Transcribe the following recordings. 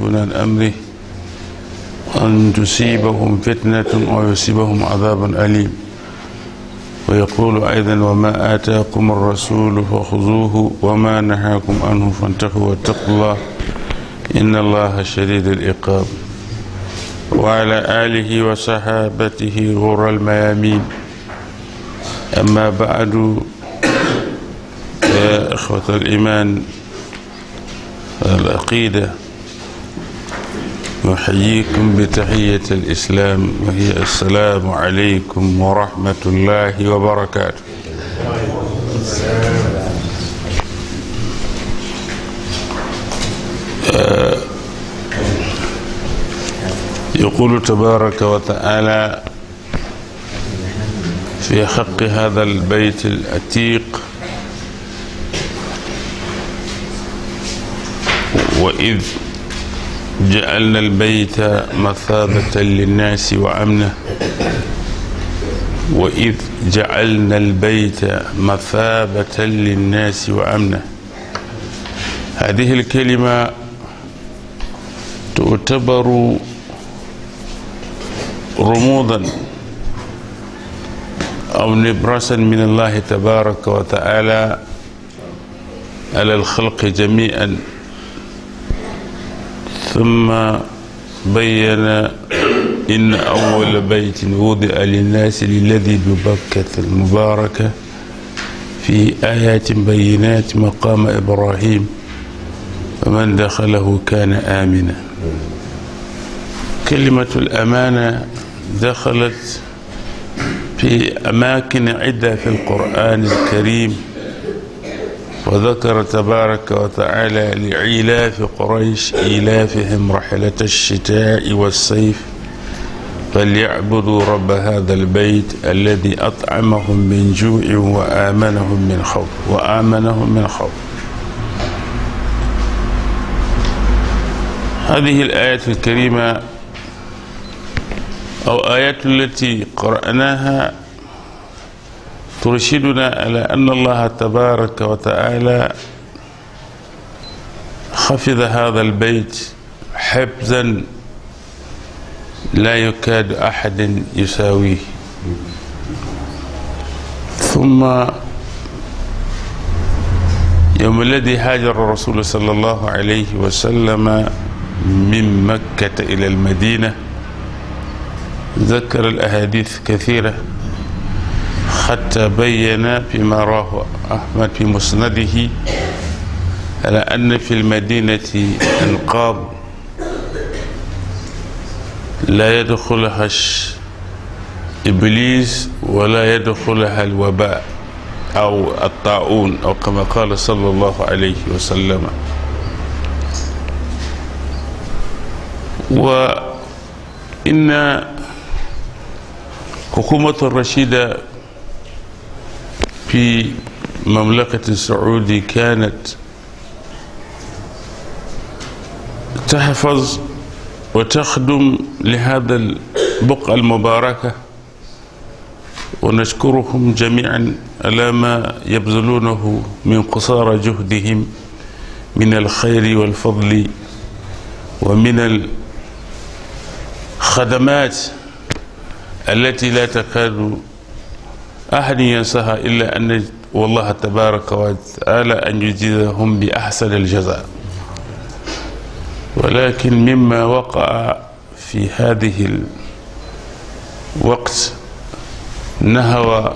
يشركون الأمر أن تصيبهم فتنة أو يصيبهم عذاب أليم ويقول أيضا وما آتاكم الرسول فخذوه وما نهاكم عنه فانتهوا واتقوا الله إن الله شديد العقاب وعلى آله وصحابته غر الميامين أما بعد يا إخوة الإيمان العقيدة نحييكم بتحية الإسلام وهي السلام عليكم ورحمة الله وبركاته آه، يقول تبارك وتعالى في حق هذا البيت الأتيق وإذ جعلنا البيت مثابة للناس وأمنة وإذ جعلنا البيت مثابة للناس وأمنة هذه الكلمة تعتبر رموزا أو نبراسا من الله تبارك وتعالى على الخلق جميعا ثم بين إن أول بيت وضع للناس للذي ببكة المباركة في آيات بينات مقام إبراهيم فمن دخله كان آمنا كلمة الأمانة دخلت في أماكن عدة في القرآن الكريم وذكر تبارك وتعالى لعلاف قريش إيلافهم رحلة الشتاء والصيف فليعبدوا رب هذا البيت الذي أطعمهم من جوع وآمنهم من خوف وآمنهم من خوف هذه الآية الكريمة أو آيات التي قرأناها ترشدنا إلى أن الله تبارك وتعالى حفظ هذا البيت حفظا لا يكاد أحد يساويه ثم يوم الذي هاجر الرسول صلى الله عليه وسلم من مكة إلى المدينة ذكر الأحاديث كثيرة حتى بين فيما راه أحمد في مسنده على أن في المدينة أنقاب لا يدخلها إبليس ولا يدخلها الوباء أو الطاعون أو كما قال صلى الله عليه وسلم وإن حكومة الرشيدة في مملكة السعودي كانت تحفظ وتخدم لهذا البقعة المباركة ونشكرهم جميعا على ما يبذلونه من قصارى جهدهم من الخير والفضل ومن الخدمات التي لا تكاد أحد ينساها إلا أن والله تبارك وتعالى أن يجزيهم بأحسن الجزاء ولكن مما وقع في هذه الوقت نهوى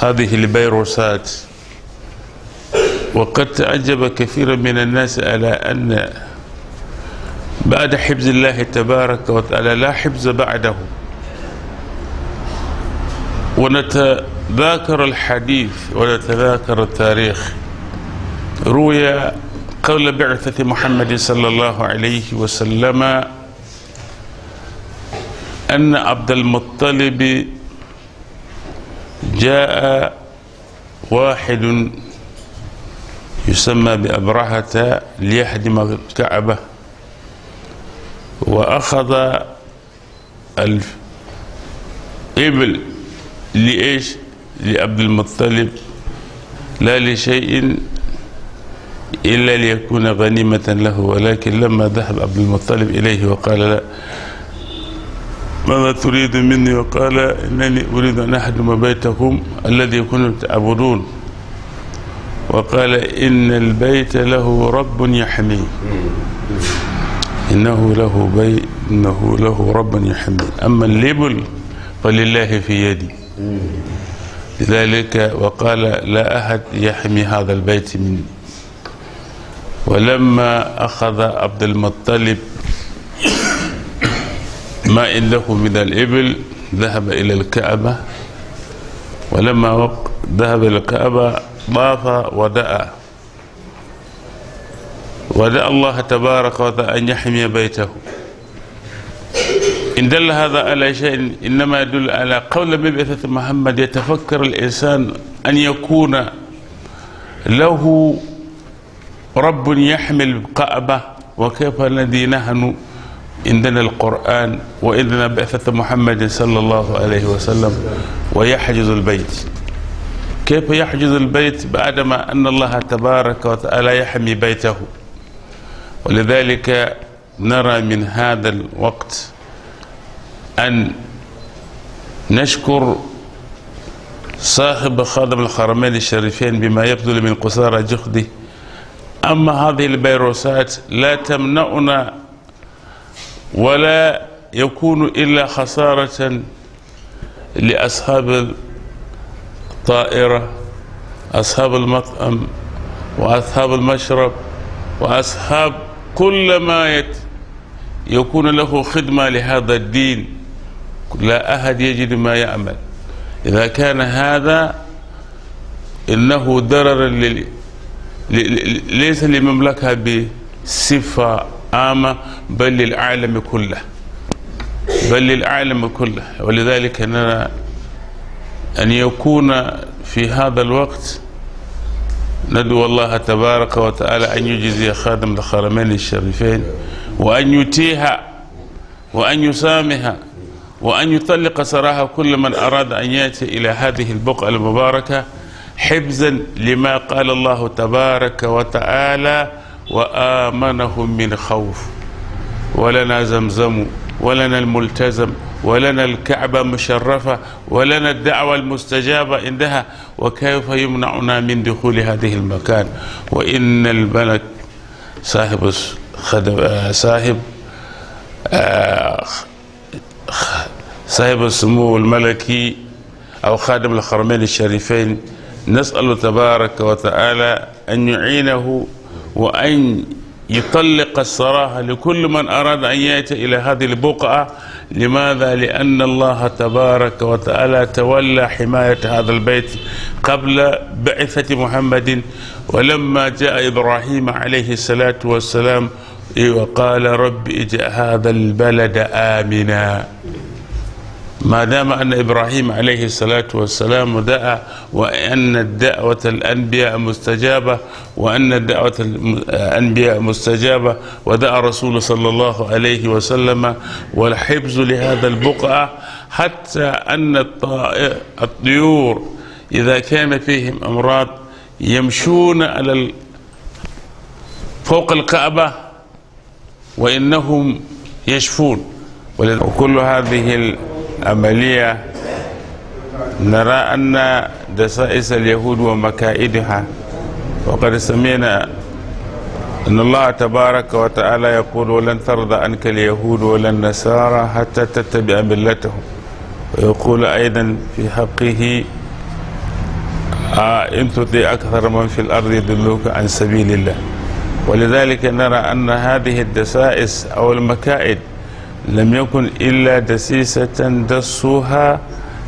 هذه الفيروسات وقد تعجب كثير من الناس على أن بعد حفظ الله تبارك وتعالى لا حفظ بعده ونت ذاكر الحديث ويتذاكر التاريخ روي قبل بعثة محمد صلى الله عليه وسلم أن عبد المطلب جاء واحد يسمى بأبرهة ليهدم الكعبة وأخذ الإبل لإيش لعبد المطلب لا لشيء إلا ليكون غنيمة له ولكن لما ذهب عبد المطلب إليه وقال لا ماذا تريد مني وقال إنني أريد أن أحدم بيتكم الذي كنتم تعبدون وقال إن البيت له رب يحميه إنه له بيت إنه له رب يحميه أما الليبل فلله في يدي ذلك وقال لا أحد يحمي هذا البيت مني ولما أخذ عبد المطلب ما عنده من الإبل ذهب إلى الكعبة ولما ذهب إلى الكعبة طاف ودعا ودعا الله تبارك وتعالى أن يحمي بيته إن دل هذا على شيء إنما يدل على قول مبعثة محمد يتفكر الإنسان أن يكون له رب يحمل قأبة وكيف الذي نحن عندنا القرآن وإذن بعثة محمد صلى الله عليه وسلم ويحجز البيت كيف يحجز البيت بعدما أن الله تبارك وتعالى يحمي بيته ولذلك نرى من هذا الوقت أن نشكر صاحب خادم الحرمين الشريفين بما يبذل من قصارى جهده أما هذه الفيروسات لا تمنعنا ولا يكون إلا خسارة لأصحاب الطائرة أصحاب المطعم وأصحاب المشرب وأصحاب كل ما يكون له خدمة لهذا الدين لا أحد يجد ما يأمل إذا كان هذا إنه ضرر ليس لمملكة بصفة عامة بل للعالم كله بل للعالم كله ولذلك نرى أن يكون في هذا الوقت ندعو الله تبارك وتعالى أن يجزي خادم الحرمين الشريفين وأن يتيها وأن يسامها وأن يطلق سراها كل من أراد أن يأتي إلى هذه البقعة المباركة حفظا لما قال الله تبارك وتعالى وآمنهم من خوف ولنا زمزم ولنا الملتزم ولنا الكعبة مشرفة ولنا الدعوة المستجابة عندها وكيف يمنعنا من دخول هذه المكان وإن الملك صاحب آه، صاحب آه صاحب السمو الملكي أو خادم الحرمين الشريفين نسأل تبارك وتعالى أن يعينه وأن يطلق الصراحة لكل من أراد أن يأتي إلى هذه البقعة لماذا؟ لأن الله تبارك وتعالى تولى حماية هذا البيت قبل بعثة محمد ولما جاء إبراهيم عليه الصلاة والسلام وقال رب اجعل هذا البلد آمنا ما دام أن إبراهيم عليه الصلاة والسلام دعا وأن الدعوة الأنبياء مستجابة وأن دعوة الأنبياء مستجابة ودعا رسول صلى الله عليه وسلم والحفظ لهذا البقعة حتى أن الطيور إذا كان فيهم أمراض يمشون على فوق الكعبة وإنهم يشفون وكل هذه عملية نرى أن دسائس اليهود ومكائدها وقد سمعنا أن الله تبارك وتعالى يقول ولن ترضى عنك اليهود ولا النصارى حتى تتبع ملتهم ويقول أيضا في حقه آه، إن تطيع أكثر من في الأرض يدلوك عن سبيل الله ولذلك نرى أن هذه الدسائس أو المكائد لم يكن إلا دسيسة دسوها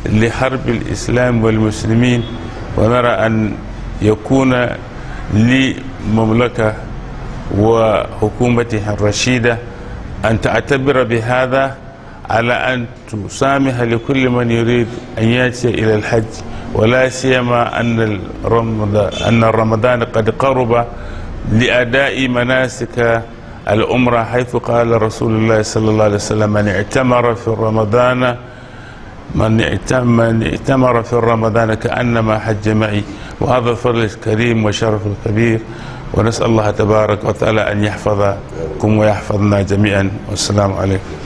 لحرب الإسلام والمسلمين ونرى أن يكون لمملكة وحكومتها الرشيدة أن تعتبر بهذا على أن تسامح لكل من يريد أن يأتي إلى الحج ولا سيما أن أن رمضان قد قرب لأداء مناسك الأمرة حيث قال رسول الله صلى الله عليه وسلم من اعتمر في رمضان من اعتمر في رمضان كأنما حج معي وهذا الفضل الكريم وشرف الكبير ونسأل الله تبارك وتعالى أن يحفظكم ويحفظنا جميعا والسلام عليكم